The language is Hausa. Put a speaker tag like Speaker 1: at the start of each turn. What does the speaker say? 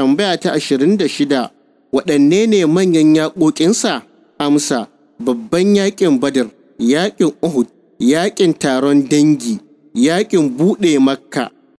Speaker 1: Tambaya ta ashirin da shida waɗanne ne manyan yaƙoƙinsa? Amsa babban yaƙin Badar, yaƙin Uhud, yaƙin taron dangi,
Speaker 2: yaƙin buɗe Makka.